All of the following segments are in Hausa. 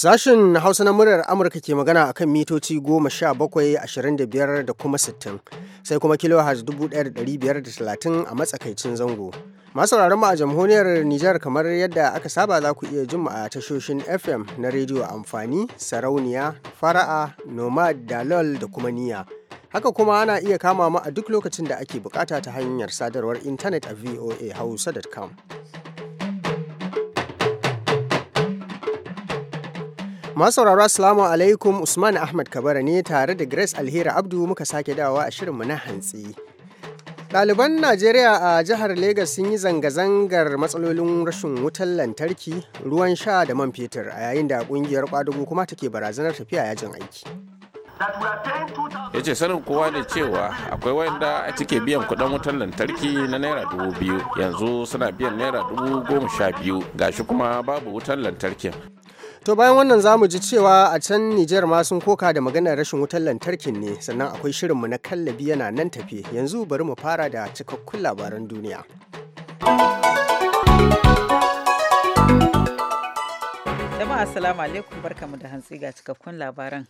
Sashen Hausa na muryar Amurka ke magana akan mitoci goma sha bakwai ashirin da biyar da kuma sittin sai kuma kilohertz dubu ɗaya da ɗari biyar da talatin a matsakaicin zango. Masu mu a jamhuriyar Nijar kamar yadda aka saba za ku iya jin a tashoshin FM na rediyo amfani, sarauniya, fara'a, nomad, dalol da kuma niya. Haka kuma ana iya kama mu a duk lokacin da ake bukata ta hanyar sadarwar intanet a voahausa.com. Masauraro Assalamu alaikum Usman Ahmad Kabara ne tare da Grace Alheri Abdu muka sake dawowa a shirinmu na hantsi. Daliban Najeriya a jihar Legas sun yi zanga-zangar matsalolin rashin wutar lantarki, ruwan sha da man fetur a yayin da ƙungiyar ƙwadago kuma take barazanar tafiya yajin aiki. ya ce sanin kowa da cewa akwai wanda a cike biyan kudin wutar lantarki na naira dubu biyu yanzu suna biyan naira dubu goma sha biyu gashi kuma babu wutar lantarkin To bayan wannan za mu ji cewa a can Nijar ma sun koka da maganar rashin wutar lantarkin ne sannan akwai shirin mu na kallabi yana nan tafe yanzu bari mu fara da cikakkun labaran duniya. Jama'a assalamu alaikum barkamu da hantsi ga cikakkun labaran.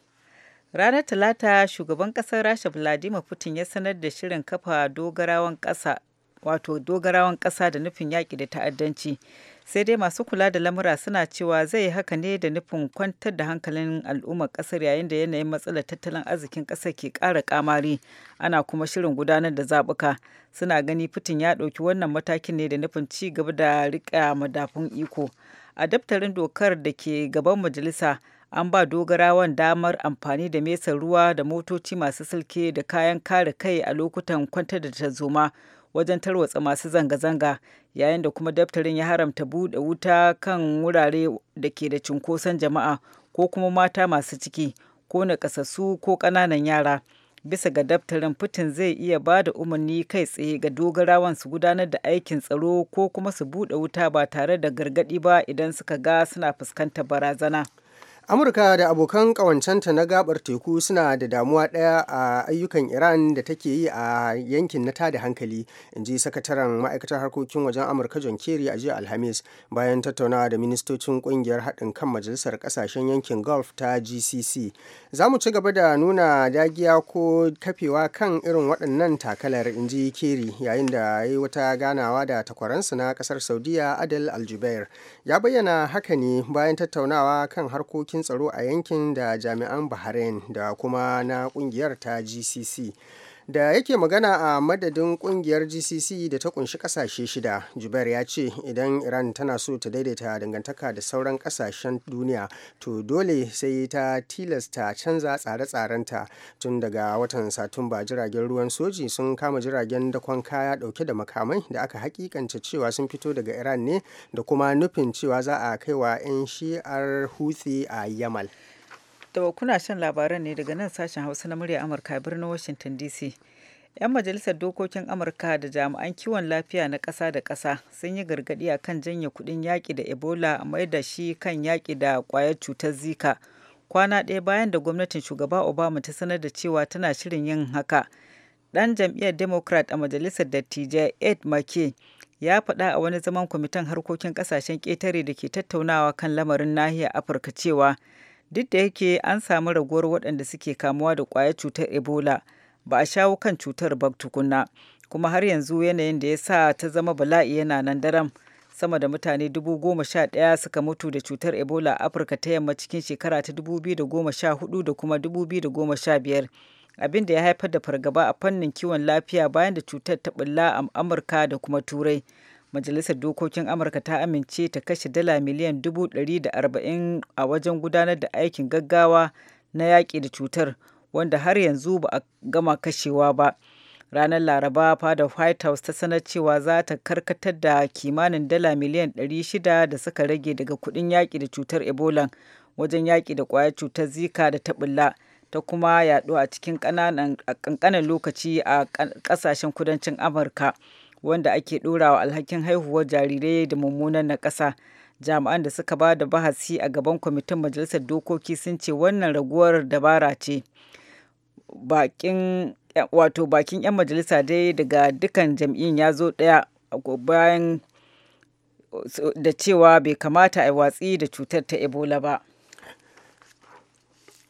Ranar Talata shugaban kasar Rasha Vladimir Putin ya sanar da shirin kafa dogarawan kasa wato dogarawan kasa da nufin yaƙi da ta'addanci. sai dai masu kula da lamura suna cewa zai haka ne da nufin kwantar da hankalin al'ummar kasar yayin da yanayin matsalar tattalin arzikin kasar ke ƙara kamari ana kuma shirin gudanar da zaɓuka suna gani fitin ya ɗauki wannan matakin ne da nufin ci gaba da riƙa madafun iko a daftarin dokar da ke gaban majalisa an ba dogarawan damar amfani da mesar ruwa da motoci masu silke da kayan kare kai a lokutan kwantar da tarzoma wajen tarwatsa masu zanga-zanga yayin da kuma daftarin ya haramta buɗe wuta kan wurare da ke da cunkoson jama'a ko kuma mata masu ciki ko naƙasassu ko ƙananan yara bisa ga daftarin putin zai iya ba da umarni kai tsaye ga dogarawan su gudanar da aikin tsaro ko kuma su buɗe wuta ba tare da gargaɗi ba idan suka ga suna fuskantar barazana amurka da abokan kawancanta na gabar teku suna da damuwa ɗaya a ayyukan iran da take yi a yankin na tada hankali in ji sakataren ma'aikatar harkokin wajen amurka john kerry a jiya alhamis bayan tattaunawa da ministocin kungiyar haɗin kan majalisar ƙasashen yankin gulf ta gcc za mu ci gaba da nuna dagiya ko kafewa kan irin waɗannan takalar in ji kerry yayin da ya yi wata ganawa da takwaransa na ƙasar saudiya adel aljubair ya bayyana haka ne bayan tattaunawa kan harkokin harkokin tsaro a yankin da jami'an bahrain da kuma na kungiyar ta gcc da yake magana a madadin kungiyar gcc da ta kunshi kasashe shida jubair ya ce idan iran tana so ta daidaita dangantaka da sauran kasashen duniya to dole sai ta tilasta canza tsare-tsarenta tun daga watan satumba jiragen ruwan soji sun kama jiragen dakon kaya dauke da makamai da aka hakikance cewa sun fito daga iran ne da kuma nufin cewa za a kaiwa 'yan shi'ar hutsi a yamal To kuna shan labaran ne daga nan sashen Hausa na murya Amurka birnin Washington DC. 'Yan majalisar dokokin Amurka da jami'an kiwon lafiya na ƙasa da ƙasa sun yi gargaɗi a kan janye kuɗin yaƙi da Ebola a mai da shi kan yaƙi da ƙwayar cutar Zika. Kwana ɗaya bayan da gwamnatin shugaba Obama ta sanar da cewa tana shirin yin haka. Ɗan jam'iyyar Democrat a majalisar dattijai Ed McKay ya faɗa a wani zaman kwamitin harkokin ƙasashen ƙetare da ke tattaunawa kan lamarin nahiyar Afirka cewa duk da yake an samu raguwar waɗanda suke kamuwa da ƙwayar cutar ebola ba a shawo kan cutar ba tukunna kuma har yanzu yanayin da ya sa ta zama bala'i yana nan daram sama da mutane dubu ɗaya suka mutu da cutar ebola a afirka ta yamma cikin shekara ta dubu da hudu da kuma dubu biyu sha biyar abin da ya haifar da fargaba a fannin kiwon lafiya bayan da cutar ta bulla a amurka da kuma turai majalisar dokokin amurka ta amince ta kashe dala miliyan 140 a wajen gudanar da aikin gaggawa na yaƙi da cutar wanda har yanzu ba a gama kashewa ba ranar laraba fada white house ta sanar cewa za ta karkatar da kimanin dala miliyan 600 da suka rage daga kudin yaƙi da cutar ebola wajen yaƙi da ƙwayar cutar zika da ta bulla ta kuma yaɗu a cikin ƙanƙanan lokaci a ƙasashen kudancin amurka wanda ake ɗorawa alhakin haihuwar jarirai da mummunan ƙasa, Jami'an da suka ba da bahasi a gaban kwamitin Majalisar Dokoki sun ce wannan raguwar dabara ce. wato bakin 'yan majalisa dai daga dukkan jam'iyyun ya zo ɗaya bayan da cewa bai kamata a watsi da cutar ta Ebola ba.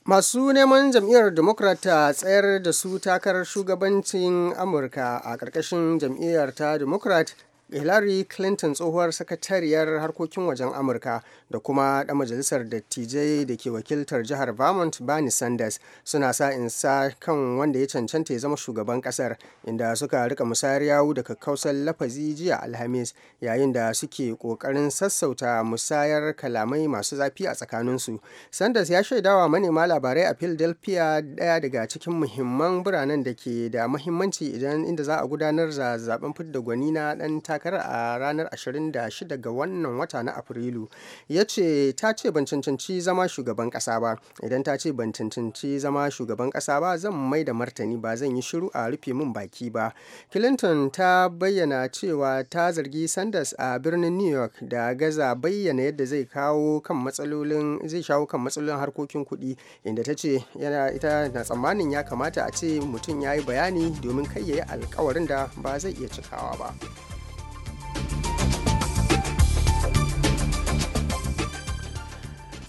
masu neman jam'iyyar democrat ta tsayar da su takarar shugabancin amurka a ƙarƙashin jam'iyyar ta democrat hillary clinton tsohuwar sakatariyar harkokin wajen amurka da kuma ɗan majalisar dattijai da ke wakiltar jihar vermont bernie sanders suna sa in sa kan wanda ya cancanta ya zama shugaban ƙasar inda suka rika musayar yawu da kakkausar lafazi jiya alhamis yayin da suke ƙoƙarin sassauta musayar kalamai masu zafi a tsakaninsu sanders ya shaidawa manema labarai a philadelphia daya daga cikin muhimman biranen da ke da mahimmanci idan inda za a gudanar da zaben fidda gwani na ɗan takarar a ranar 26 ga wannan wata na Afrilu. Ya ce ta ce ban cancanci zama shugaban kasa ba. Idan ta ce ban cancanci zama shugaban kasa ba zan mai da martani ba zan yi shiru a rufe min baki ba. Clinton ta bayyana cewa ta zargi Sanders a birnin New York da gaza bayyana yadda zai kawo kan matsalolin zai shawo kan matsalolin harkokin kuɗi inda ta ce yana ita na tsammanin ya kamata a ce mutum ya yi bayani domin kai ya yi alkawarin da ba zai iya cikawa ba.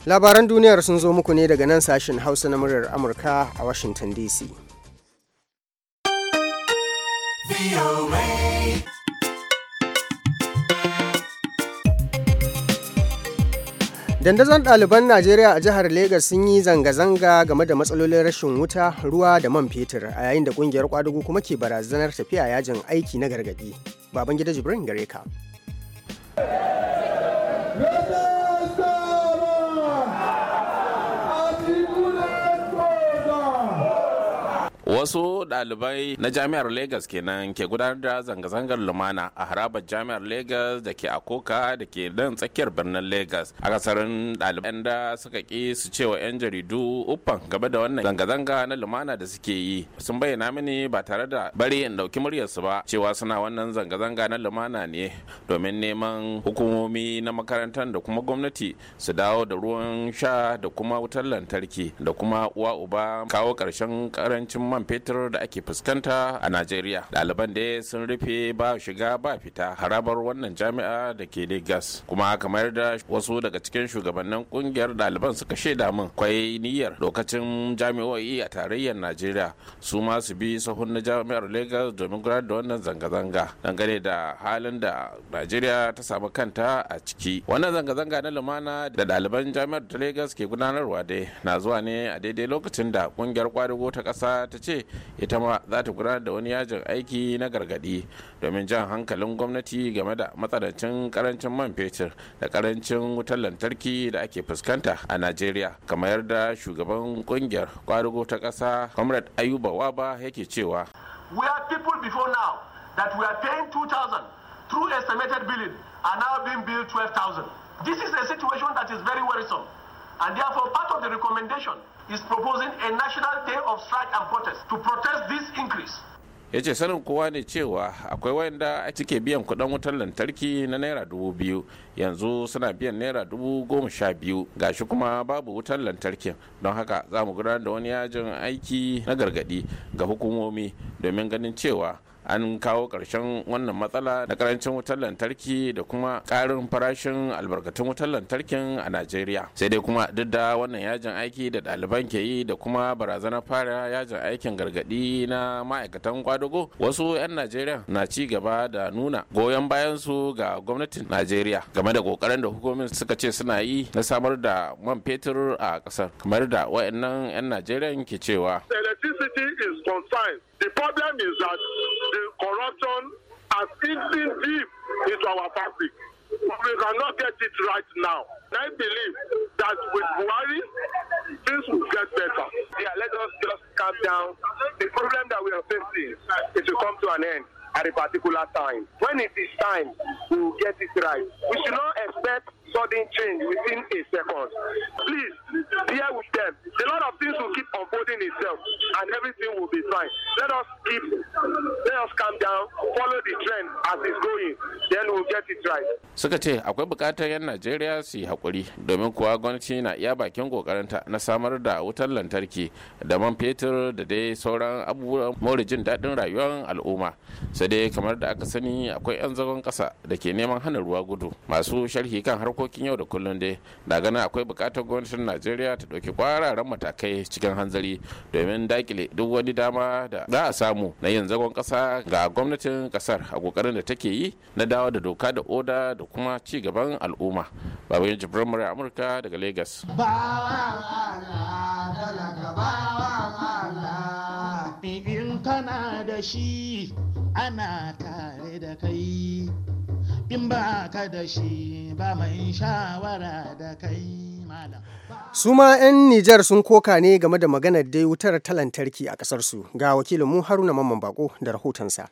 labaran duniyar sun zo muku ne daga nan sashen hausa na muryar amurka a washington dc dandazon ɗaliban najeriya a jihar Legas sun yi zanga-zanga game da matsalolin rashin wuta ruwa da man fetur a yayin da kungiyar kwadugu kuma ke barazanar tafiya yajin aiki na gargadi babangida jibrin gare ka wasu ɗalibai na jami'ar lagos kenan ke gudanar da zanga-zangar lumana a harabar jami'ar lagos da ke akoka da ke nan tsakiyar birnin lagos a kasarin ɗalibai da suka ki su cewa 'yan jaridu uffan game da wannan zanga-zanga na lumana da suke yi sun bayyana mini ba tare da bari in ɗauki muryarsu ba cewa suna wannan zanga-zanga na lumana ne domin neman hukumomi na makarantar da kuma gwamnati su dawo da ruwan sha da kuma wutar lantarki da kuma uwa uba kawo ƙarshen ƙarancin man man fetur da ake fuskanta a najeriya ɗaliban dai sun rufe ba shiga ba fita harabar wannan jami'a da ke lagos kuma kamar da wasu daga cikin shugabannin kungiyar ɗaliban suka shaida min kwai niyyar lokacin jami'o'i a tarayyar najeriya su ma su bi sahun na jami'ar lagos domin gudanar da wannan zanga-zanga dangane da halin da najeriya ta samu kanta a ciki wannan zanga-zanga na lumana da ɗaliban jami'ar ta lagos ke gudanarwa dai na zuwa ne a daidai lokacin da kungiyar kwadugo ta kasa ta ce ita ma za ta gudanar da wani yajin aiki na gargadi domin jan hankalin gwamnati game da matsanancin karancin man fetur da karancin wutar lantarki da ake fuskanta a najeriya kamar yarda shugaban kungiyar kwadugo ta ƙasa comrade ayuba waba yake cewa we are people before now that we are paying 2000 through estimated billing are now being billed 12000 this is a situation that is very worrisome and therefore part of the recommendation is proposing a national day of strike and protest to protest this increase. ya ce sanin kowa ne cewa akwai wayanda cike biyan kudin wutar lantarki na naira dubu biyu yanzu suna biyan naira dubu goma sha biyu gashi kuma babu wutar lantarkin don haka za mu gudanar da wani yajin aiki na gargadi ga hukumomi domin ganin cewa an kawo ƙarshen wannan matsala na karancin wutar lantarki da kuma ƙarin farashin albarkatun wutar lantarkin a najeriya sai dai kuma duk da wannan yajin aiki da ɗaliban ke yi da kuma barazanar fara yajin aikin gargaɗi na ma'aikatan kwadago wasu 'yan najeriya na ci gaba da nuna goyon bayan su ga gwamnatin najeriya game da ƙoƙarin da hukumomin suka ce suna yi na samar da man fetur a ƙasar kamar da wayannan 'yan najeriya ke cewa The problem is that the corruption has eaten deep into our fabric. We cannot get it right now. I believe that with Buhari, things will get better. Yeah, let us just calm down. The problem that we are facing is to come to an end at a particular time. When it is time, we will get it right. We should not expect sudden change within a second. Please, dear with and everything will be fine. Let us keep, let us calm down, follow the trend as it's going, then we'll get it right. Suka ce akwai bukatar 'yan Najeriya su yi haƙuri domin kuwa gwamnati na iya bakin ƙoƙarinta na samar da wutar lantarki da man fetur da dai sauran abubuwan more jin daɗin rayuwar al'umma. Sai dai kamar da aka sani akwai 'yan zagon ƙasa da ke neman hana ruwa gudu. Masu sharhi kan harkokin yau da kullum dai na ganin akwai bukatar gwamnatin Najeriya ta ɗauki kwararan matakai cikin hanzari domin daƙi kile duk wani dama da za a samu na yin zagon kasa ga gwamnatin kasar a kokarin da take yi na dawo da doka da oda da kuma ci gaban al'umma babayin jibrin murya amurka daga lagos in kana da shi ana tare da kai in ba ka da shi ba mai shawara da kai suma 'yan Nijar sun koka ne game da maganar dai wutar ta lantarki a ƙasarsu ga wakilinmu Haruna Mamman Bako da rahotonsa.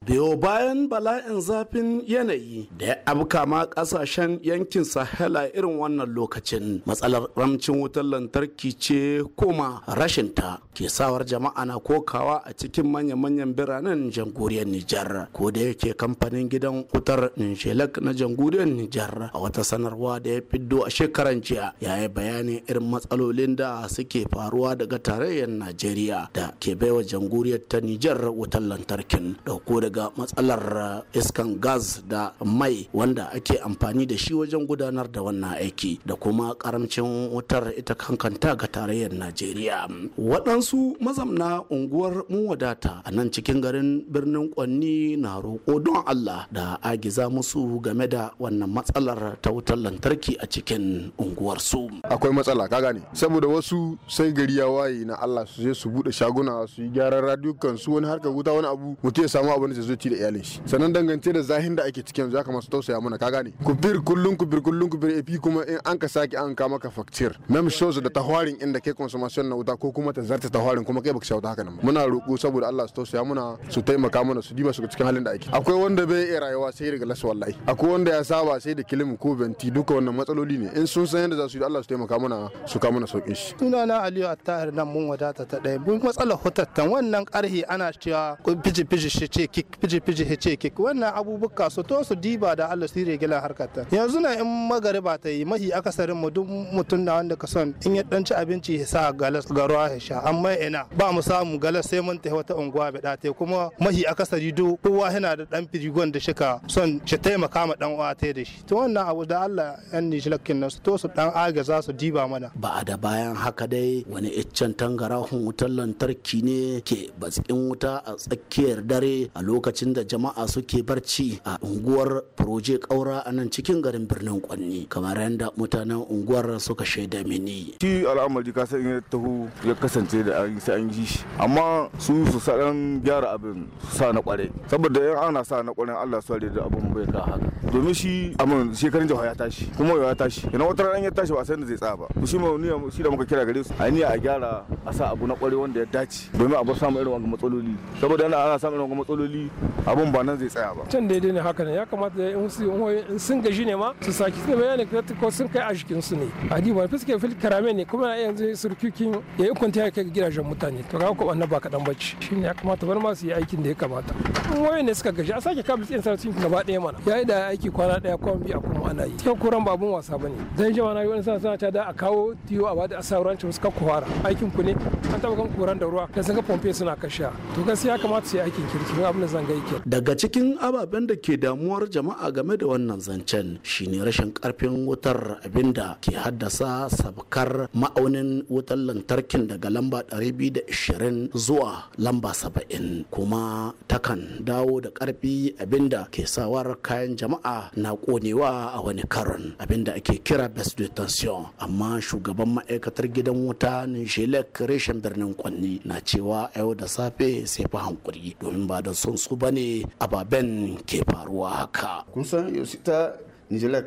biyo bayan bala'in zafin yanayi da ya abka ma kasashen yankin sahela irin wannan lokacin matsalar ramcin wutar lantarki ce koma ta ke sawar jama'a na kokawa a cikin manya-manyan biranen jamhuriyar nijar ko da yake kamfanin gidan wutar nishelak na jamhuriyar nijar a wata sanarwa da ya fiddo a shekaran jiya ya yi bayani irin matsalolin da suke faruwa daga tarayyar najeriya da ke baiwa jamhuriyar ta nijar wutar lantarkin dauko da daga matsalar eh, iskan gas da mai wanda ake amfani da shi wajen gudanar da wannan aiki da kuma karamcin wutar ita kankanta ga tarayyar najeriya waɗansu mazamna unguwar muwadata a nan cikin garin birnin kwanni na roƙo don allah da agiza musu game da wannan matsalar ta wutar lantarki a cikin unguwarsu akwai matsala ka gane saboda wasu sai gari ya waye na allah su je su buɗe shaguna su yi gyaran radiyo su wani harkar wuta wani abu mutum ya samu abin zai zo da iyalin shi sannan dangance da zahin da ake cikin ya kamata su tausaya mana ka gane ku bir kullun ku bir kullun ku bir epi kuma in an ka saki an ka maka facture mem shows da tahwarin inda ke consumption na wuta ko kuma ta zarta tahwarin kuma kai baka shawo haka nan muna roƙo saboda Allah su tausaya mana su taimaka mana su dima su cikin halin da ake akwai wanda bai iya rayuwa sai daga las wallahi akwai wanda ya saba sai da kilim ko venti duka wannan matsaloli ne in sun san yadda za su yi Allah su taimaka mana su ka mana saukin shi sunana Aliyu Attahir nan mun wadata ta ɗaya mun matsalar hutattan wannan ƙarhi ana cewa fiji fiji shi ce fiji-fiji hece kik wannan abubuwa su to su diba da Allah su regila harkata yanzu na in magari ba ta yi mahi akasarin mu duk mutum da wanda ka son in ya danci abinci ya sa galas ga ruwa ya sha amma ina ba mu samu galas sai mun tafi wata unguwa da ta kuma mahi akasari duk kowa yana da dan firigon da shika son shi taimaka ma dan uwa da shi to wannan abu da Allah yan nishlakin nan su to su dan za su diba mana ba da bayan haka dai wani iccen tangarahun wutar lantarki ne ke batsikin wuta a tsakiyar dare a lokacin lokacin da jama'a suke barci a unguwar proje kaura a nan cikin garin birnin kwanni kamar yadda mutanen unguwar suka shaida mini shi al'amari ka san ya taho ya kasance da an sai an yi shi amma su su sadan gyara abin su sa na kware saboda yan ana sa na kware Allah su da abin bai ka haka domin shi amin shekarun jihar ya tashi kuma ya tashi idan wata ran ya tashi ba san da zai tsaya ba shi ma ni shi da muka kira gare su ai ni a gyara a sa abu na kware wanda ya dace domin abu samu irin wannan matsaloli saboda ana samu irin wannan matsaloli shi abin ba nan zai tsaya ba can daidai ne haka ne ya kamata in sun gaji ne ma su saki su bayani ko sun kai a jikin su ne a ba fiske fil karame ne kuma yanzu surkukin ya yi kwanta ya kai gidajen mutane to ga ko ba kaɗan bacci ne ya kamata bar ma su yi aikin da ya kamata wayoyin ne suka gaji a sake kabel tsin sarcin gaba ɗaya mana ya yi da aiki kwana ɗaya ko biyu a kuma ana yi cikin kuran ba abin wasa ba dan jama'a na yi wani suna ta da a kawo tiyo a bada asawuran ci suka kuwara aikin ku ne an taɓa kan kuran da ruwa da sun ga pompe suna kasha to gaskiya ya kamata su yi aikin kirki abin zanga-zangai Daga cikin ababen da ke damuwar jama'a game da wannan zancen shine rashin karfin wutar abinda ke haddasa sabkar ma'aunin wutar lantarkin daga lamba 220 zuwa lamba 70 kuma takan dawo da karfi abinda ke sawar kayan jama'a na konewa a wani karon abinda ake kira best de tension amma shugaban ma'aikatar gidan wuta nishelek reshen birnin kwanni na cewa yau da safe sai fi hankuri domin ba da son su ne ababen ke faruwa haka kun san ta nijalak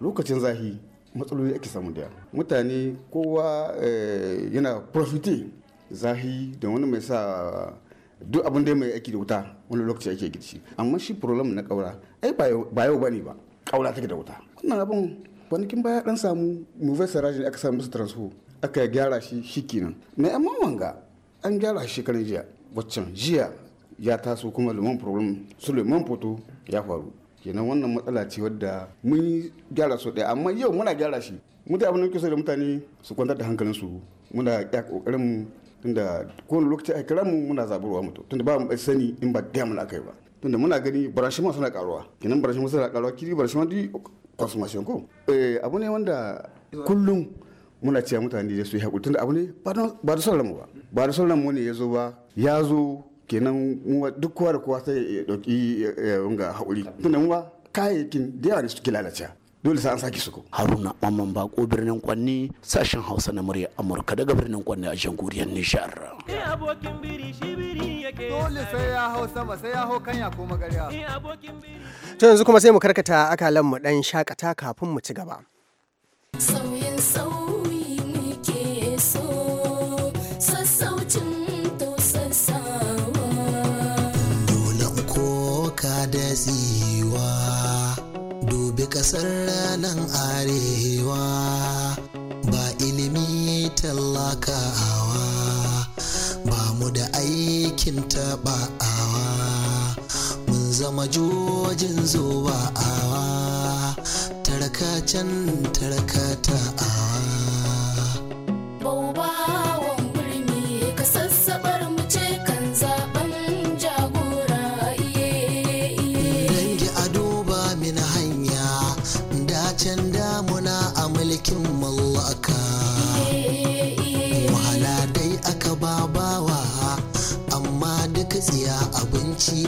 lokacin zahi matsaloli ake samu da mutane kowa eh, yana profiti zahi da wani mai sa duk abin da mai aiki da wuta wani lokaci ake girci amma shi problem na kaura ai ba yau ne ba kaura take da wuta wannan abin kwanakin baya dan samu movie sarajin aka samu musu transfo aka gyara shi shikenan mai amma wanga an gyara shi shekaran jiya waccan jiya ya taso kuma luman problem suleiman foto ya faru kenan wannan matsala ce wadda mun gyara su ɗaya amma yau muna gyara shi mutane abin da kusa da mutane su kwantar da hankalinsu muna ya kokarin mu tunda kowane lokaci a kira mu muna zaburwa mutu tunda ba mu sani in ba gaya mana akai ba tunda muna gani barashin ma suna karuwa kenan barashin ma suna karuwa kiri barashin ma di consumption ko eh abu ne wanda kullum muna cewa mutane da su yi haƙuri tunda abu ne ba da son ba ba da son ne ya zo ba ya zo kenan duk kowa da kowa sai ya dauki wanga haƙuri tunan wa kayayyakin da yawa ne suke lalacewa dole sai an sake su haruna mamman bako birnin kwanni sashen hausa na murya amurka daga birnin kwanni a jamhuriyar nishar dole sai ya hau sama sai ya hau kanya ko magariya to yanzu kuma sai mu karkata akalan mu dan shakata kafin mu ci gaba kasar arewa ba ilimi talakawa ba mu da aikin taɓa'awa mun zama jojin zuwa awa tarkacen tarkata she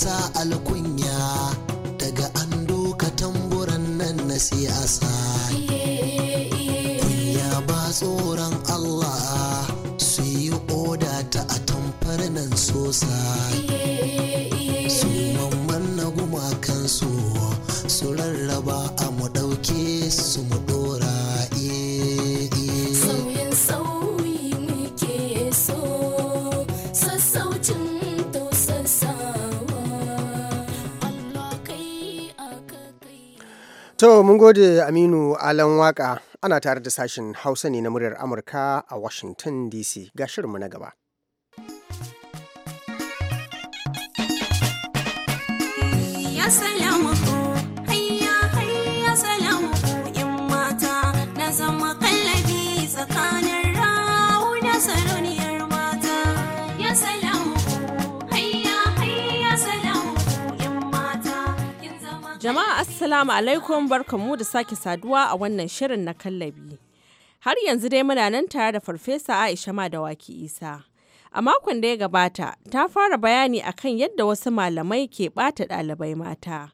sa mun gode Aminu Alan Waka ana tare da sashen Hausa ne na muryar Amurka a Washington DC ga shirinmu na gaba. Jama'a Assalamu alaikum barkamu da sake saduwa a wannan shirin na kallabi. Har yanzu dai muna nan tare da Farfesa Aisha ma Madawaki Isa. A makon da ya gabata, ta fara bayani akan yadda wasu malamai ke ɓata ɗalibai mata.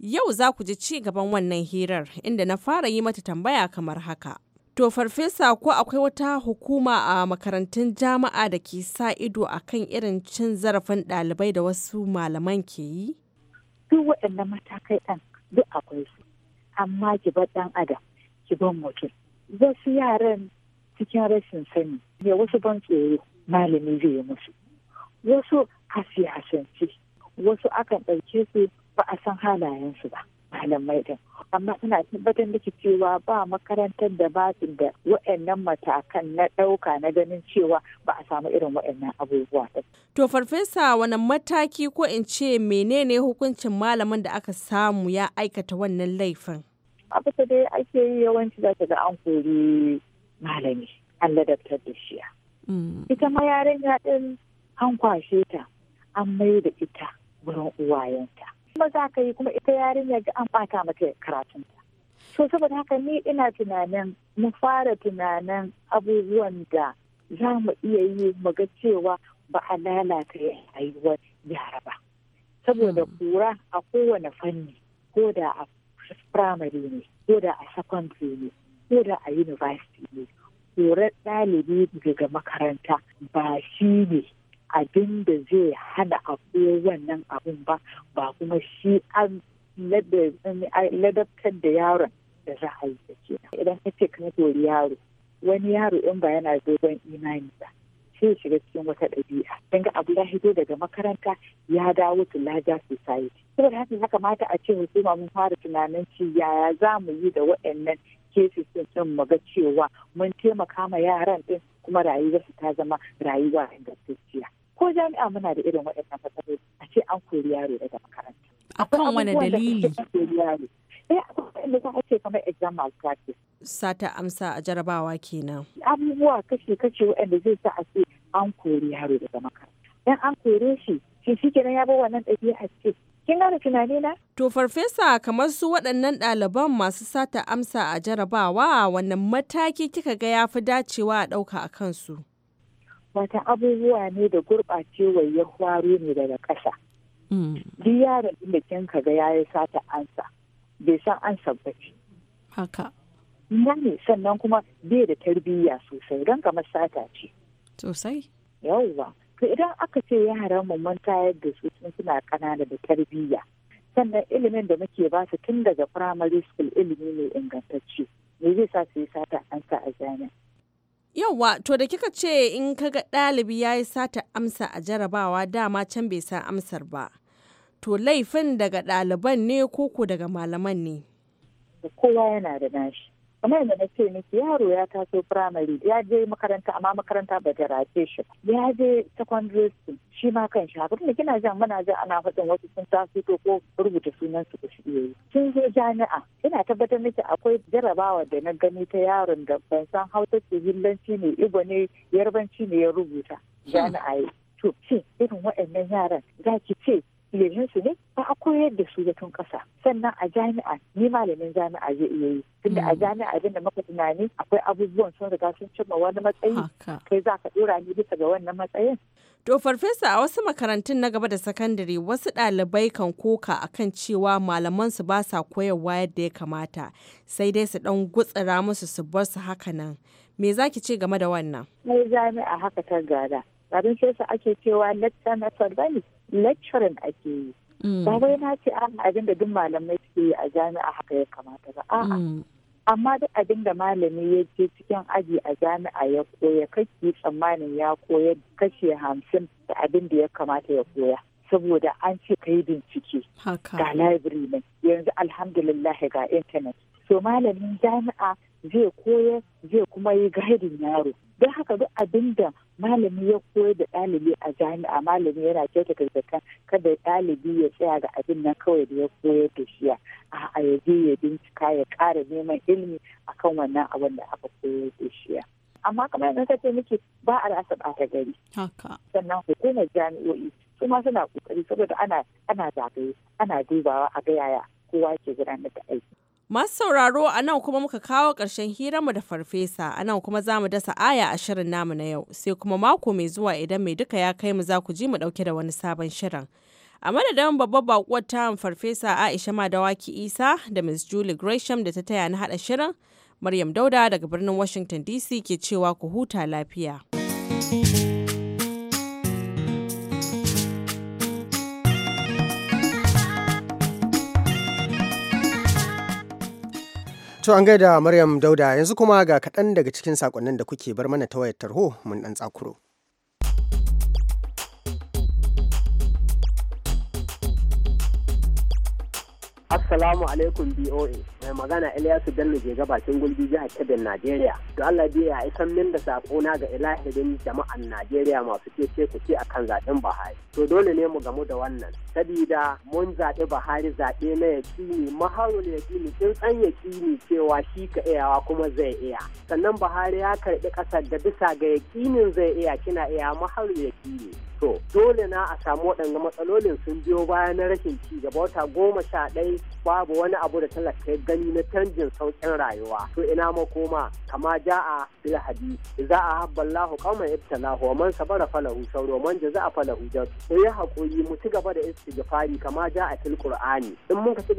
Yau za ku ji ci gaban wannan hirar inda na fara yi mata tambaya kamar haka. To farfesa ko akwai wata hukuma a makarantun jama'a da ke sa ido akan irin cin zarafin ɗalibai da wasu malaman ke yi? duk waɗannan matakai ɗan duk akwai su amma ki bar ɗan adam ki bar mutum wasu yaran cikin rashin sani ne wasu ban tsoro malami zai yi musu wasu a siyasance wasu akan ɗauke su ba a san halayensu ba malamai maidan amma ina tabbatar da cewa ba makarantar da ba su da wa'annan matakan na ɗauka na ganin cewa ba a samu irin wa'annan abubuwa to farfesa wani mataki ko in ce menene hukuncin malamin da aka samu ya aikata wannan laifin Abu ta dai ake yi yawanci za ta ga an kori malami an ladabtar da shiya mm. ita ma yarinya din an kwashe ta an mai da ita wurin uwayenta kuma za ka yi kuma ita yarinyar da an bata mata karatun so saboda haka ni ina tunanin mu fara tunanin abubuwan da za mu iya yi mu ga cewa ba a lalata rayuwar yara ba saboda hmm. kura a kowane fanni ko da a firamare ne ko da a secondary ne ko da a university ne korar ɗalibi daga makaranta ba shi ne abin da zai hana akwai wannan abin ba ba kuma shi an ladabtar da yaron da za a yi da ke idan ka ce ka dori yaro wani yaro in ba yana dogon imani ba sai shiga cikin wata ɗabi'a don ga abu ya hito daga makaranta ya dawo to laja society saboda haka ya kamata a ce hukuma mun fara tunanin ci yaya za mu yi da waɗannan cases din mu ga cewa mun taimaka ma yaran ɗin kuma rayuwarsu ta zama rayuwa ingantacciya ko jami'a muna da irin waɗannan matsaloli a ce an kori yaro daga makaranta. kan wani dalili? Eh, akwai da za a ce kamar exam malpractice. Sata amsa a jarabawa kenan. Abubuwa kashe-kashe waɗanda zai sa a ce an kori yaro daga makaranta. Dan an kore shi, shi shi kenan ya bi wannan ɗabi'a ce. Kin gane tunani na? To farfesa kamar su waɗannan ɗaliban masu sata amsa a jarabawa wannan mataki kika ga ya fi dacewa a ɗauka a kansu. wata abubuwa ne da gurɓacewar ya kwaro ne daga ƙasa mm. duk yaron da kin ya yi sata ansa bai san ansa ba ce haka ne sannan kuma bai da tarbiyya sosai don kamar sata ce sosai yawwa to idan aka ce yaran mu mun tayar da su sun suna ƙanana da tarbiyya sannan ilimin da muke ba su tun daga primary school ilimi ne ingantacce me zai sa su yi sata ansa a jami'a Yauwa, to da kika ce in kaga ɗalibi ya yi sata amsa a jarabawa dama can bai san amsar ba. To laifin daga ɗaliban ne koko daga malaman ne? Kowa yana da nashi. kamar da na ce miki yaro ya taso firamare ya je makaranta amma makaranta ba ta race shi ya je secondary school shi ma kan shi haka kina jan muna jan ana faɗin wasu sun taso to ko rubuta sunan su ku shi sun zo jami'a ina tabbatar miki akwai jarabawa da na gani ta yaron da ban san hausa ce hillanci ne igbo ne yarbanci ne ya rubuta jami'a to shin irin waɗannan yaran za ki ce su ne ba a koyar da su zaton kasa sannan a jami'a ni malamin jami'a zai iya yi tunda a mm. jami'a abin da muka tunani akwai abubuwan sun riga sun cimma wani matsayi kai za ka dora ni bisa ga wannan matsayin To farfesa a wasu makarantun na gaba da sakandare wasu ɗalibai kan koka akan cewa malaman su ba sa koyarwa yadda ya kamata sai dai su ɗan gutsira musu su bar su haka nan. Me za ki ce game da wannan? Mai jami'a haka ta gada. Abin sai su ake cewa lecture method bane. lecturing ake yi mm. ba wai na ce an abin da duk malamai suke yi a jami'a haka ya kamata ba a'a mm. amma duk abin da malami ya je cikin aji a jami'a ya koya kake tsammanin ya koya kashe hamsin da abin da ya kamata ya koya saboda an ce ka yi bincike ga library ne yanzu alhamdulillah ga intanet so malamin jami'a zai koya zai kuma yi gadin yaro don haka duk abin da malami ya koyar da ɗalibi a jami'a malami yana kyautata kada ɗalibi ya tsaya ga abin nan kawai da ya koyar da shiya a yaje ya bincika ya kara neman ilimi a kan wannan abin da aka koyar da shiya amma kamar yadda ce ba a rasa ɓata gari sannan hukumar jami'o'i su ma suna ƙoƙari saboda ana ana zagaye ana dubawa a ga yaya kowa ke gudanar da aiki Masu sauraro a nan kuma muka kawo karshen ƙarshen mu da farfesa a nan kuma za mu dasa aya a shirin namu na yau sai kuma mako mai zuwa idan mai duka ya kai mu za ku ji mu ɗauke da wani sabon shirin. A madadin babbar bakuwar ta farfesa Aisha Madawaki Isa da Ms. Julie Gresham da ta taya na haɗa shirin, Maryam Dauda daga birnin Washington DC ke cewa ku huta lafiya. To an gaida Maryam Dauda yanzu kuma ga kaɗan daga cikin saƙonnin da kuke bar mana ta wayar tarho mun ɗan tsakuro. Assalamu alaikum BOA. Mai magana Ilyasu Bello ke gabakin gulbi jihar Kebbi Najeriya. da Allah biya ya isan min da sakona ga ilahirin jama'an Najeriya masu cece ku ce akan zaɓen Buhari. To dole ne mu gamu da wannan. Sabida mun zaɓi Buhari zaɓe na yaƙini maharul yaƙini In san yaƙini cewa shi ka iyawa kuma zai iya. Sannan Buhari ya karɓi ƙasar da bisa ga yaƙinin zai iya kina iya maharul yaƙini. to dole na a samu waɗannan matsalolin sun biyo baya na rashin ci gaba wata goma sha ɗaya babu wani abu da talaka gani na canjin sauƙin rayuwa to ina makoma kama ja a lahadi za a habballahu qauman ibtalahu wa man sabara falahu sauro man a falahu jar to ya hakuri mu ci gaba da istighfari kama ja a til qur'ani in mun ka ci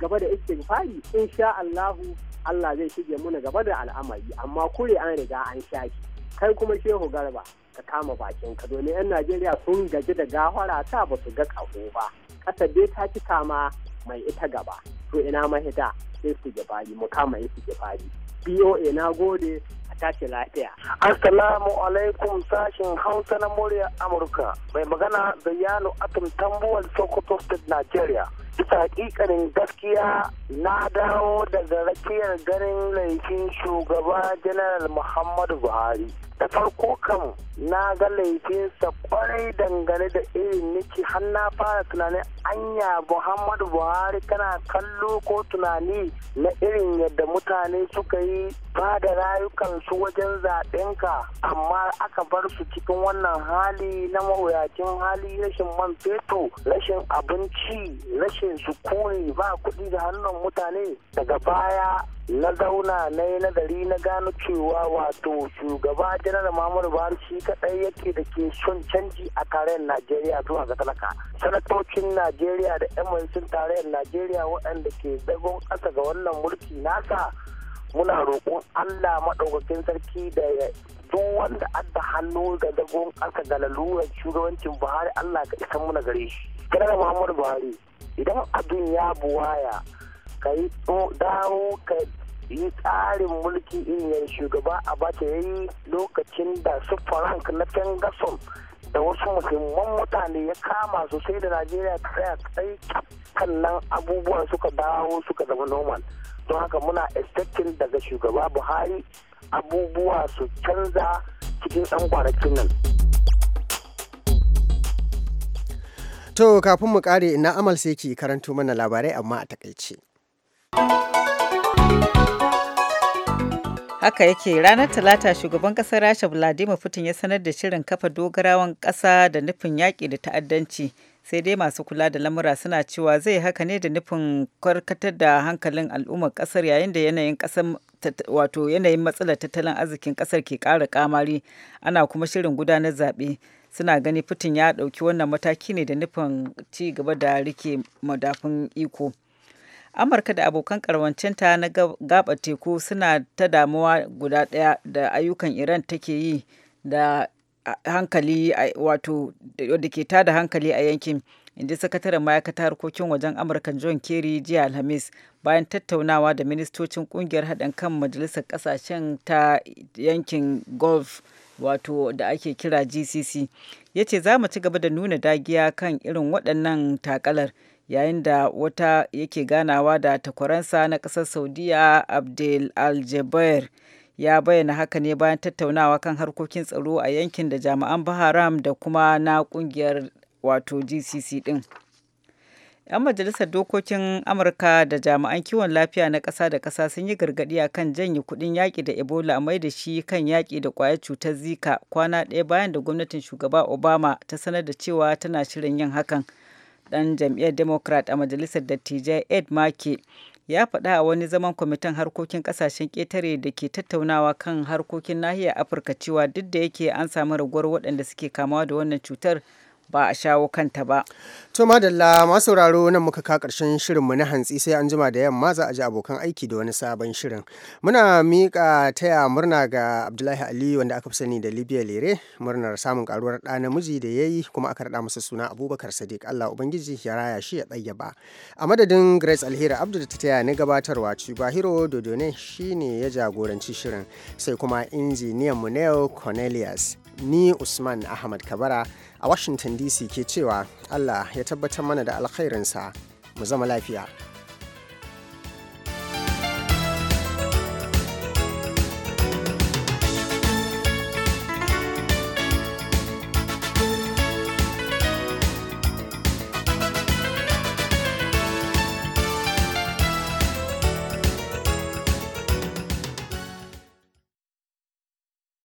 gaba da istighfari insha Allahu Allah zai shige muna gaba da al'amari amma kure an riga an shaki kai kuma shehu garba ka kama bakin ka domin 'yan najeriya sun gaji da gawara ta ba su ga kaho ba ƙasa dai ta ci kama mai ita gaba to ina mahida sai su gibari mu kama su gibari boa na gode a tashi lafiya assalamu alaikum sashin hausa na murya amurka mai magana da yalo atom tambuwal sokoto state nigeria bisa hakikanin gaskiya na dawo daga rakiyar ganin laifin shugaba janar muhammadu buhari da farko kam na ga laifinsa kwarai dangane da irin niki hanna fara tunanin anya muhammadu buhari kana kallo ko tunani na irin yadda mutane suka yi ba da rayukansu wajen zaɓenka amma aka bar su cikin wannan hali na mawuyacin hali rashin man fetur rashin abinci rashin kashe su ba kuɗi da hannun mutane daga baya na zauna na yi nazari na gano cewa wato shugaba janar mamuru buhari shi kadai yake da ke son canji a tarayyar najeriya zuwa ga talaka sanatocin najeriya da yan mulkin tarayyar najeriya waɗanda ke zagon ƙasa ga wannan mulki nasa muna roƙon allah maɗaukakin sarki da duk wanda adda hannu ga zagon ƙasa ga lalurar shugabancin buhari allah ka isa muna gare shi janar muhammadu buhari idan abin ya buwaya ka yi dawo ka yi tsarin mulki inyar shugaba bata ya yi lokacin da su frank na fengason da wasu muhimman mutane ya kama su da najeriya ta tsaya tsaye nan abubuwan suka dawo suka zama normal don haka muna expecting daga shugaba buhari abubuwa su canza cikin 'yan kwanakin nan. To kafin mu kare na amal sai ki karanto mana labarai amma a takaice. Haka yake ranar Talata shugaban kasar Rasha Vladimir Putin ya sanar da shirin kafa dogarawan ƙasa da nufin yaƙi da ta'addanci. sai dai masu kula da lamura suna cewa zai haka ne da nufin karkatar da hankalin al'ummar kasar yayin da yanayin kasar wato yanayin matsalar tattalin arzikin kasar ke ƙara kamari ana kuma shirin gudanar zaɓe suna gani fitin ya ɗauki wannan mataki ne da nufin ci gaba da rike madafin iko amurka da abokan karwancinta na gaba teku suna ta damuwa guda ɗaya da ayyukan iran take yi da hankali wato da ke tada hankali a yankin inji sakataren ma'aikatar harkokin wajen amurka john kerry jiya alhamis bayan tattaunawa da ministocin kungiyar haɗin kan majalisar ƙasashen ta yankin gulf wato da ake kira gcc ya ce za mu ci gaba da nuna dagiya kan irin waɗannan takalar yayin da wata yake ganawa da takwaransa na ƙasar saudiya abdel aljabair ya bayyana haka ne bayan tattaunawa kan harkokin tsaro a yankin da jami'an baharam da kuma na ƙungiyar wato gcc ɗin. 'Yan majalisar dokokin Amurka da jami'an kiwon lafiya na ƙasa da ƙasa sun yi gargaɗi a kan janye kuɗin yaƙi da Ebola mai da shi kan yaƙi da ƙwayar cutar Zika kwana ɗaya bayan da gwamnatin shugaba Obama ta sanar da cewa tana shirin yin hakan. Ɗan jam'iyyar Democrat a majalisar dattijai Ed Markey ya faɗa a wani zaman kwamitin harkokin ƙasashen ƙetare da ke tattaunawa kan harkokin nahiyar Afirka cewa duk da yake an samu raguwar waɗanda suke kamawa da wannan cutar ba a shawo kanta ba. To madalla masu sauraro nan muka ka karshen mu na hantsi sai an jima da yamma za a ji abokan aiki da wani sabon shirin. Muna miƙa taya murna ga Abdullahi Ali wanda aka fi sani da Libya Lere murnar samun karuwar ɗa namiji da ya yi kuma aka raɗa masa suna Abubakar Sadiq Allah Ubangiji ya raya shi ya ɗayyaba. A madadin Grace Alheri Abdu da ta taya ni gabatarwa Cibahiro Dodone ne ya jagoranci shirin sai kuma injiniyan mu Neo Cornelius. ni usman ahmad kabara a washington dc ke cewa allah ya tabbatar mana da alkhairinsa mu zama lafiya